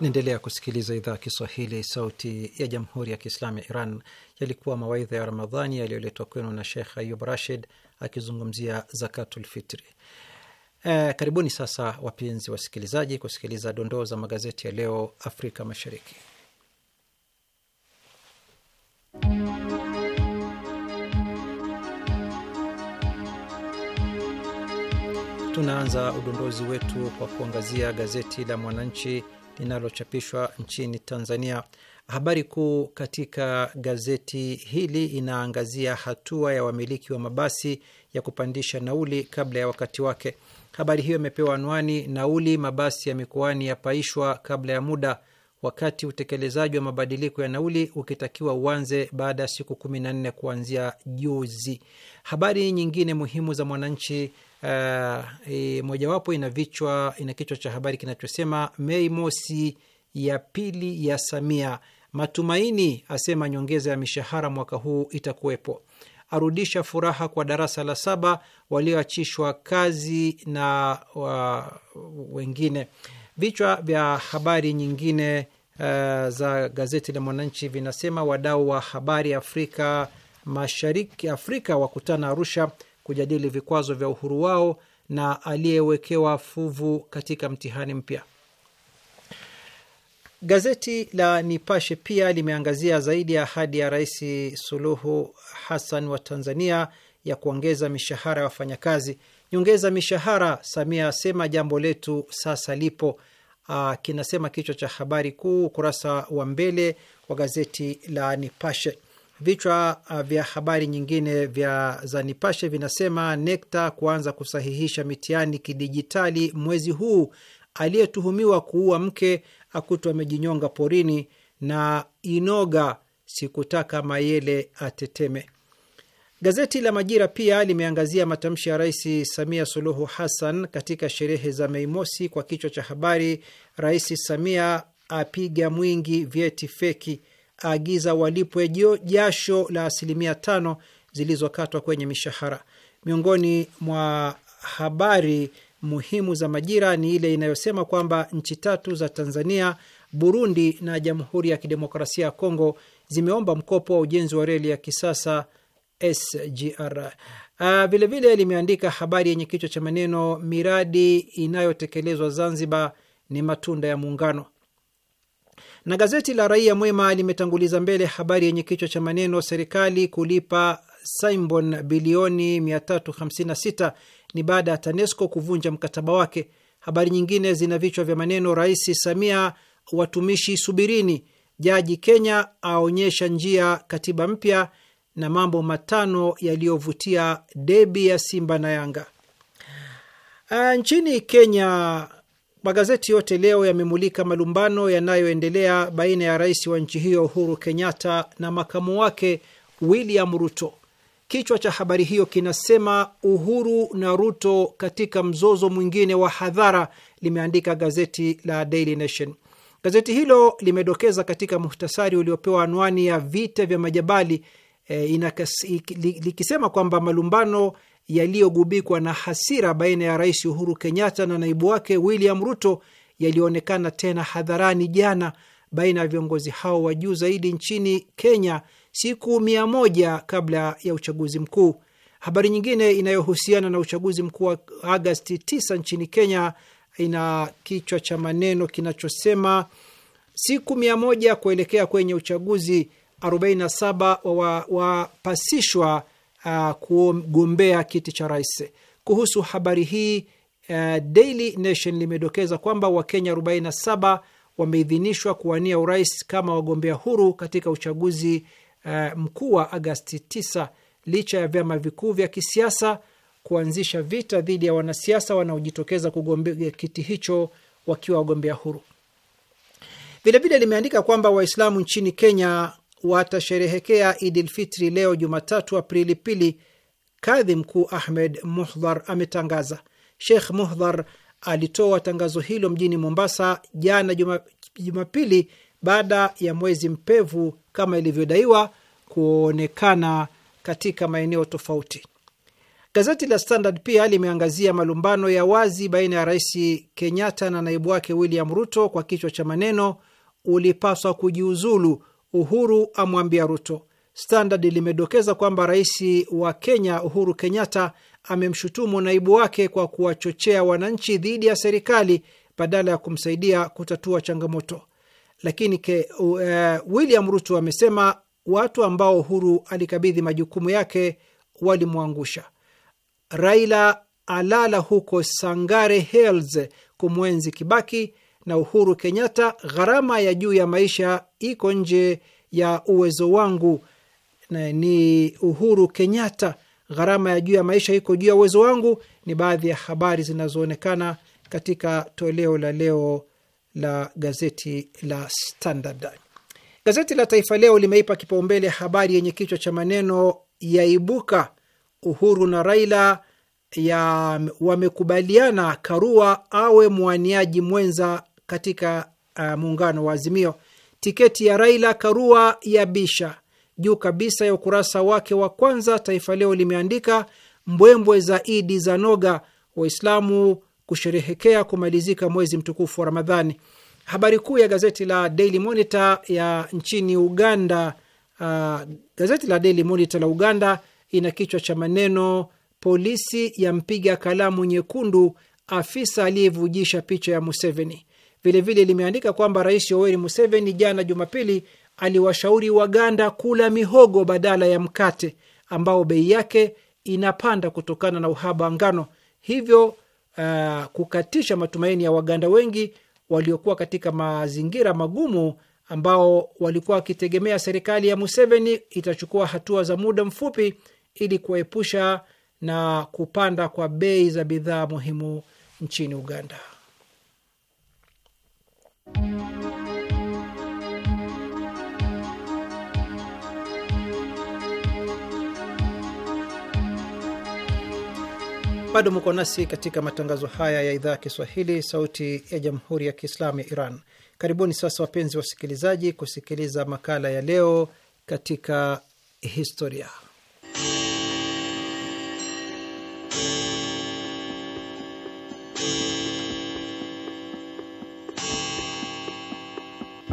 Naendelea kusikiliza idhaa ya Kiswahili, sauti ya jamhuri ya kiislamu ya Iran yalikuwa mawaidha ya Ramadhani yaliyoletwa kwenu na Shekh Ayub Rashid akizungumzia zakatulfitri. E, eh, karibuni sasa wapenzi wasikilizaji, kusikiliza dondoo za magazeti ya leo Afrika Mashariki. Tunaanza udondozi wetu kwa kuangazia gazeti la Mwananchi linalochapishwa nchini Tanzania. Habari kuu katika gazeti hili inaangazia hatua ya wamiliki wa mabasi ya kupandisha nauli kabla ya wakati wake. Habari hiyo imepewa anwani, nauli mabasi ya mikoani yapaishwa kabla ya muda, wakati utekelezaji wa mabadiliko ya nauli ukitakiwa uanze baada ya siku kumi na nne kuanzia juzi. Habari nyingine muhimu za Mwananchi uh, e, mojawapo ina vichwa, ina kichwa cha habari kinachosema Mei Mosi ya pili ya Samia Matumaini asema nyongeza ya mishahara mwaka huu itakuwepo. Arudisha furaha kwa darasa la saba walioachishwa kazi na wa, wengine. Vichwa vya habari nyingine uh, za gazeti la Mwananchi vinasema wadau wa habari Afrika Mashariki, Afrika wakutana Arusha kujadili vikwazo vya uhuru wao, na aliyewekewa fuvu katika mtihani mpya. Gazeti la Nipashe pia limeangazia zaidi ya ahadi ya Rais Suluhu Hassan wa Tanzania ya kuongeza mishahara ya wafanyakazi. Nyongeza mishahara, Samia asema jambo letu sasa lipo. Aa, ah, kinasema kichwa cha habari kuu ukurasa wa mbele wa gazeti la Nipashe. Vichwa ah, vya habari nyingine vya za Nipashe vinasema Nekta kuanza kusahihisha mitihani kidijitali mwezi huu, aliyetuhumiwa kuua mke akutwa amejinyonga porini na inoga sikutaka mayele ateteme. Gazeti la Majira pia limeangazia matamshi ya Rais Samia Suluhu Hassan katika sherehe za Mei Mosi kwa kichwa cha habari, Rais Samia apiga mwingi vyeti feki, aagiza walipwe jasho la asilimia tano zilizokatwa kwenye mishahara. Miongoni mwa habari muhimu za Majira ni ile inayosema kwamba nchi tatu za Tanzania, Burundi na Jamhuri ya Kidemokrasia ya Kongo zimeomba mkopo wa ujenzi wa reli ya kisasa SGR. Ah, Vilevile limeandika habari yenye kichwa cha maneno miradi inayotekelezwa Zanzibar ni matunda ya muungano, na gazeti la Raia Mwema limetanguliza mbele habari yenye kichwa cha maneno serikali kulipa Simbon bilioni 356 ni baada ya TANESCO kuvunja mkataba wake. Habari nyingine zina vichwa vya maneno: Rais Samia, watumishi subirini, jaji Kenya aonyesha njia katiba mpya, na mambo matano yaliyovutia debi ya Simba na Yanga. Ah, nchini Kenya, magazeti yote leo yamemulika malumbano yanayoendelea baina ya rais wa nchi hiyo Uhuru Kenyatta na makamu wake William Ruto. Kichwa cha habari hiyo kinasema Uhuru na Ruto katika mzozo mwingine wa hadhara, limeandika gazeti la Daily Nation. Gazeti hilo limedokeza katika muhtasari uliopewa anwani ya vita vya majabali e, inakas, ik, likisema kwamba malumbano yaliyogubikwa na hasira baina ya Rais Uhuru Kenyatta na naibu wake William Ruto yalionekana tena hadharani jana baina ya viongozi hao wa juu zaidi nchini Kenya siku mia moja kabla ya uchaguzi mkuu. Habari nyingine inayohusiana na uchaguzi mkuu wa Agasti 9 nchini Kenya ina kichwa cha maneno kinachosema siku mia moja kuelekea kwenye uchaguzi, 47 wapasishwa wa uh, kugombea kiti cha rais. Kuhusu habari hii uh, Daily Nation limedokeza kwamba Wakenya 47 wameidhinishwa kuwania urais kama wagombea huru katika uchaguzi uh, mkuu wa Agasti 9 licha ya vyama vikuu vya kisiasa kuanzisha vita dhidi ya wanasiasa wanaojitokeza kugombea kiti hicho wakiwa wagombea huru. Vilevile limeandika kwamba Waislamu nchini Kenya watasherehekea Idil leo Jumatatu, Aprili pili. Kadhi mkuu Ahmed Muhdhar ametangaza. Sheikh Muhdhar alitoa tangazo hilo mjini Mombasa jana Jumapili, baada ya mwezi mpevu kama ilivyodaiwa kuonekana katika maeneo tofauti. Gazeti la Standard pia limeangazia malumbano ya wazi baina ya Rais Kenyatta na naibu wake William Ruto kwa kichwa cha maneno ulipaswa kujiuzulu, Uhuru amwambia Ruto. Standard limedokeza kwamba rais wa Kenya Uhuru Kenyatta amemshutumu naibu wake kwa kuwachochea wananchi dhidi ya serikali badala ya kumsaidia kutatua changamoto lakini ke, uh, William Ruto amesema watu ambao Uhuru alikabidhi majukumu yake walimwangusha. Raila alala huko Sangare Hills kumwenzi Kibaki na Uhuru Kenyatta, gharama ya juu ya maisha iko nje ya uwezo wangu. Na ni Uhuru Kenyatta, gharama ya juu ya maisha iko juu ya uwezo wangu, ni baadhi ya habari zinazoonekana katika toleo la leo la gazeti la Standard. Gazeti la Taifa Leo limeipa kipaumbele habari yenye kichwa cha maneno yaibuka, Uhuru na Raila ya wamekubaliana Karua awe mwaniaji mwenza katika uh, muungano wa Azimio. Tiketi ya Raila Karua ya bisha juu kabisa ya ukurasa wake wa kwanza. Taifa Leo limeandika mbwembwe zaidi za noga, Waislamu kusherehekea kumalizika mwezi mtukufu wa Ramadhani. Habari kuu ya gazeti la Daily Monitor ya nchini Uganda, uh, gazeti la Daily Monitor la Uganda ina kichwa cha maneno polisi yampiga kalamu nyekundu afisa aliyevujisha picha ya Museveni. Vilevile limeandika kwamba Rais Yoweri Museveni jana Jumapili aliwashauri Waganda kula mihogo badala ya mkate ambao bei yake inapanda kutokana na uhaba wa ngano, hivyo uh, kukatisha matumaini ya Waganda wengi waliokuwa katika mazingira magumu ambao walikuwa wakitegemea serikali ya Museveni itachukua hatua za muda mfupi ili kuwaepusha na kupanda kwa bei za bidhaa muhimu nchini Uganda. Bado mko nasi katika matangazo haya ya idhaa ya Kiswahili, sauti ya jamhuri ya kiislamu ya Iran. Karibuni sasa, wapenzi wasikilizaji, kusikiliza makala ya leo katika historia.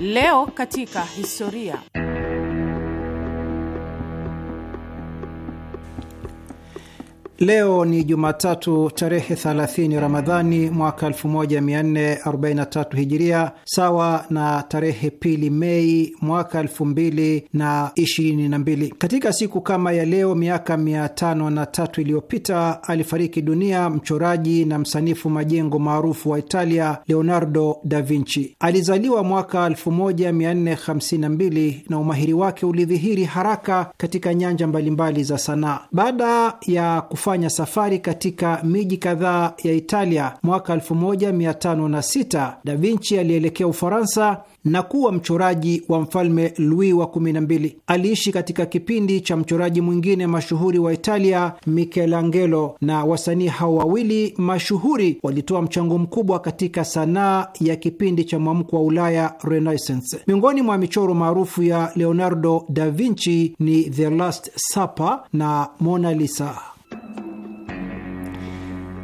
Leo katika historia Leo ni Jumatatu tarehe 30 Ramadhani mwaka 1443 Hijiria, sawa na tarehe pili Mei mwaka 2022. Katika siku kama ya leo miaka 503 iliyopita alifariki dunia mchoraji na msanifu majengo maarufu wa Italia Leonardo da Vinci. Alizaliwa mwaka 1452 na umahiri wake ulidhihiri haraka katika nyanja mbalimbali za sanaa. Baada ya kufa kufanya safari katika miji kadhaa ya Italia. Mwaka 1506 Da Vinci alielekea Ufaransa na kuwa mchoraji wa mfalme Louis wa 12. Aliishi katika kipindi cha mchoraji mwingine mashuhuri wa Italia, Michelangelo, na wasanii hao wawili mashuhuri walitoa mchango mkubwa katika sanaa ya kipindi cha mwamko wa Ulaya, Renaissance. Miongoni mwa michoro maarufu ya Leonardo da Vinci ni The Last Supper na Mona Lisa.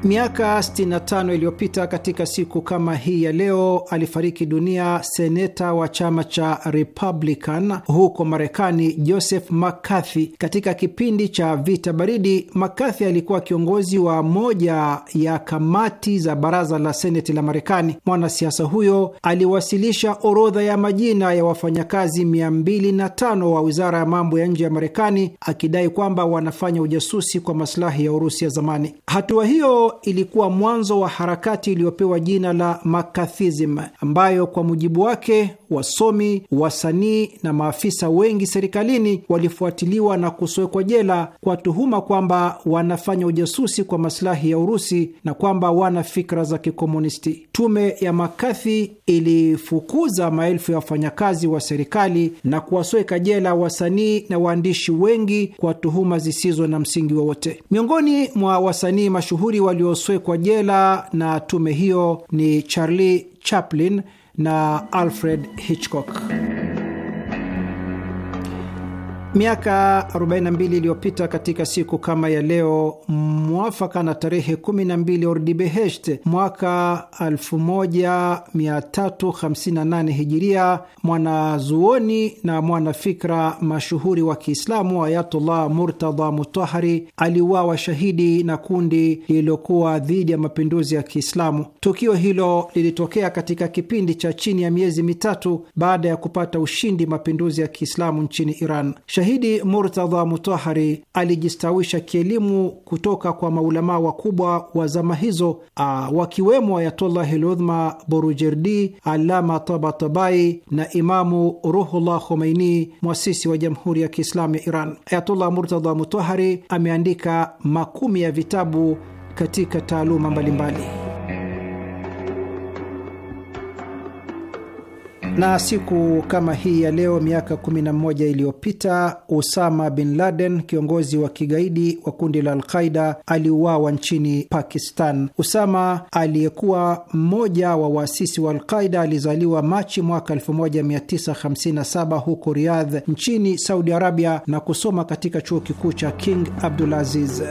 Miaka 65 iliyopita katika siku kama hii ya leo alifariki dunia seneta wa chama cha Republican huko Marekani, Joseph McCarthy. Katika kipindi cha vita baridi, McCarthy alikuwa kiongozi wa moja ya kamati za baraza la seneti la Marekani. Mwanasiasa huyo aliwasilisha orodha ya majina ya wafanyakazi 205 wa wizara ya mambo ya nje ya Marekani akidai kwamba wanafanya ujasusi kwa maslahi ya Urusi ya zamani. Hatua hiyo ilikuwa mwanzo wa harakati iliyopewa jina la Makathism, ambayo kwa mujibu wake wasomi, wasanii na maafisa wengi serikalini walifuatiliwa na kuswekwa jela kwa tuhuma kwamba wanafanya ujasusi kwa masilahi ya Urusi na kwamba wana fikra za kikomunisti. Tume ya Makathi ilifukuza maelfu ya wafanyakazi wa serikali na kuwasweka jela wasanii na waandishi wengi kwa tuhuma zisizo na msingi wowote. Miongoni mwa wasanii mashuhuri walioswekwa jela na tume hiyo ni Charlie Chaplin na Alfred Hitchcock. Miaka 42 iliyopita katika siku kama ya leo, mwafaka na tarehe 12 Ordibehesht mwaka 1358 Hijiria, mwanazuoni na mwanafikra mashuhuri wa Kiislamu Ayatullah Murtadha Mutahari aliuawa shahidi na kundi lililokuwa dhidi ya mapinduzi ya Kiislamu. Tukio hilo lilitokea katika kipindi cha chini ya miezi mitatu baada ya kupata ushindi mapinduzi ya Kiislamu nchini Iran. Shahidi Shahidi Murtadha Mutahari alijistawisha kielimu kutoka kwa maulamaa wakubwa wa zama hizo, wakiwemo Ayatullahi Ludhma Borujerdi, Alama Tabatabai na Imamu Ruhullah Khomeini, mwasisi wa Jamhuri ya Kiislamu ya Iran. Ayatullah Murtadha Mutahari ameandika makumi ya vitabu katika taaluma mbalimbali. Na siku kama hii ya leo miaka 11 iliyopita Usama bin Laden, kiongozi wa kigaidi wa kundi la Alqaida, aliuawa nchini Pakistan. Usama aliyekuwa mmoja wa waasisi wa Alqaida alizaliwa Machi mwaka 1957 huko Riyadh nchini Saudi Arabia na kusoma katika chuo kikuu cha King Abdulaziz.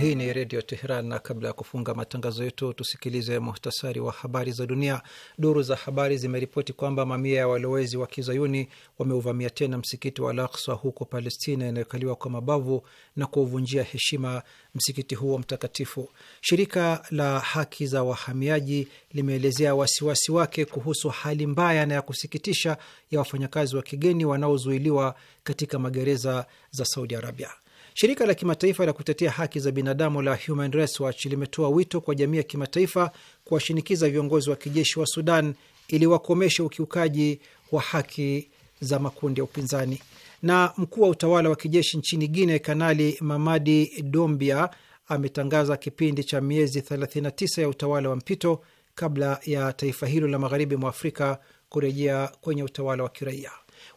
Hii ni Redio Teheran, na kabla ya kufunga matangazo yetu tusikilize muhtasari wa habari za dunia. Duru za habari zimeripoti kwamba mamia ya walowezi wa kizayuni wameuvamia tena msikiti wa Al-Aqsa huko Palestina inayokaliwa kwa mabavu na kuuvunjia heshima msikiti huo mtakatifu. Shirika la haki za wahamiaji limeelezea wasiwasi wake kuhusu hali mbaya na ya kusikitisha ya wafanyakazi wa kigeni wanaozuiliwa katika magereza za Saudi Arabia. Shirika la kimataifa la kutetea haki za binadamu la Human Rights Watch limetoa wito kwa jamii ya kimataifa kuwashinikiza viongozi wa kijeshi wa Sudan ili wakomeshe ukiukaji wa haki za makundi ya upinzani. Na mkuu wa utawala wa kijeshi nchini guine Kanali Mamadi Dombia, ametangaza kipindi cha miezi 39 ya utawala wa mpito kabla ya taifa hilo la magharibi mwa Afrika kurejea kwenye utawala wa kiraia.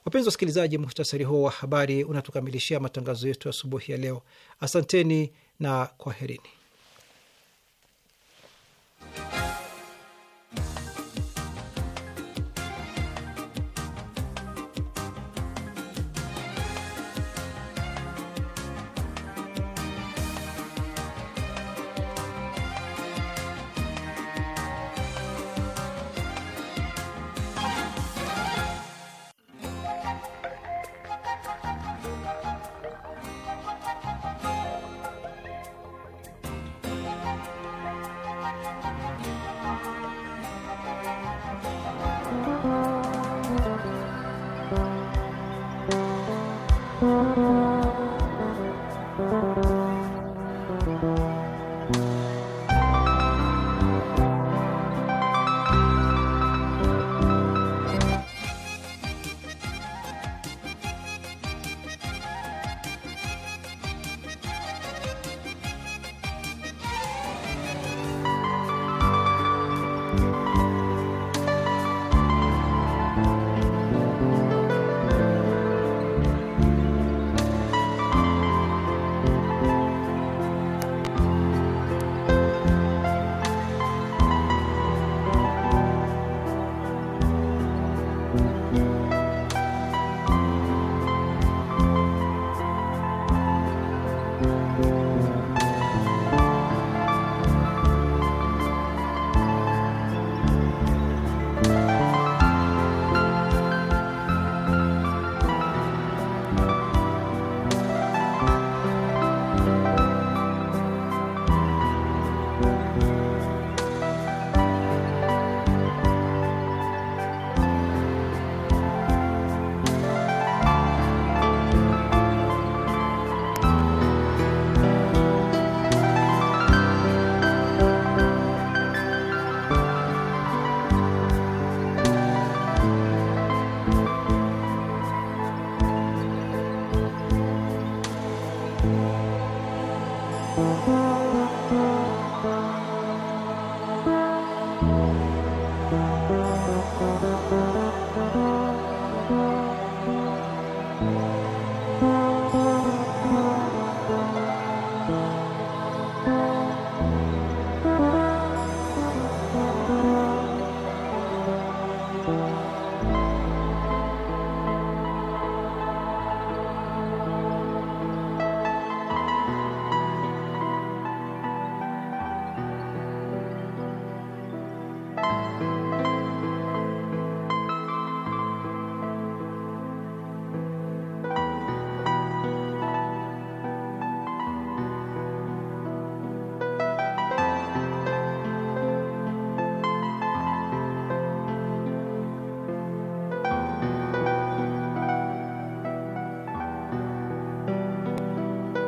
Wapenzi wasikilizaji, muhtasari huo wa habari unatukamilishia matangazo yetu asubuhi ya leo. Asanteni na kwaherini.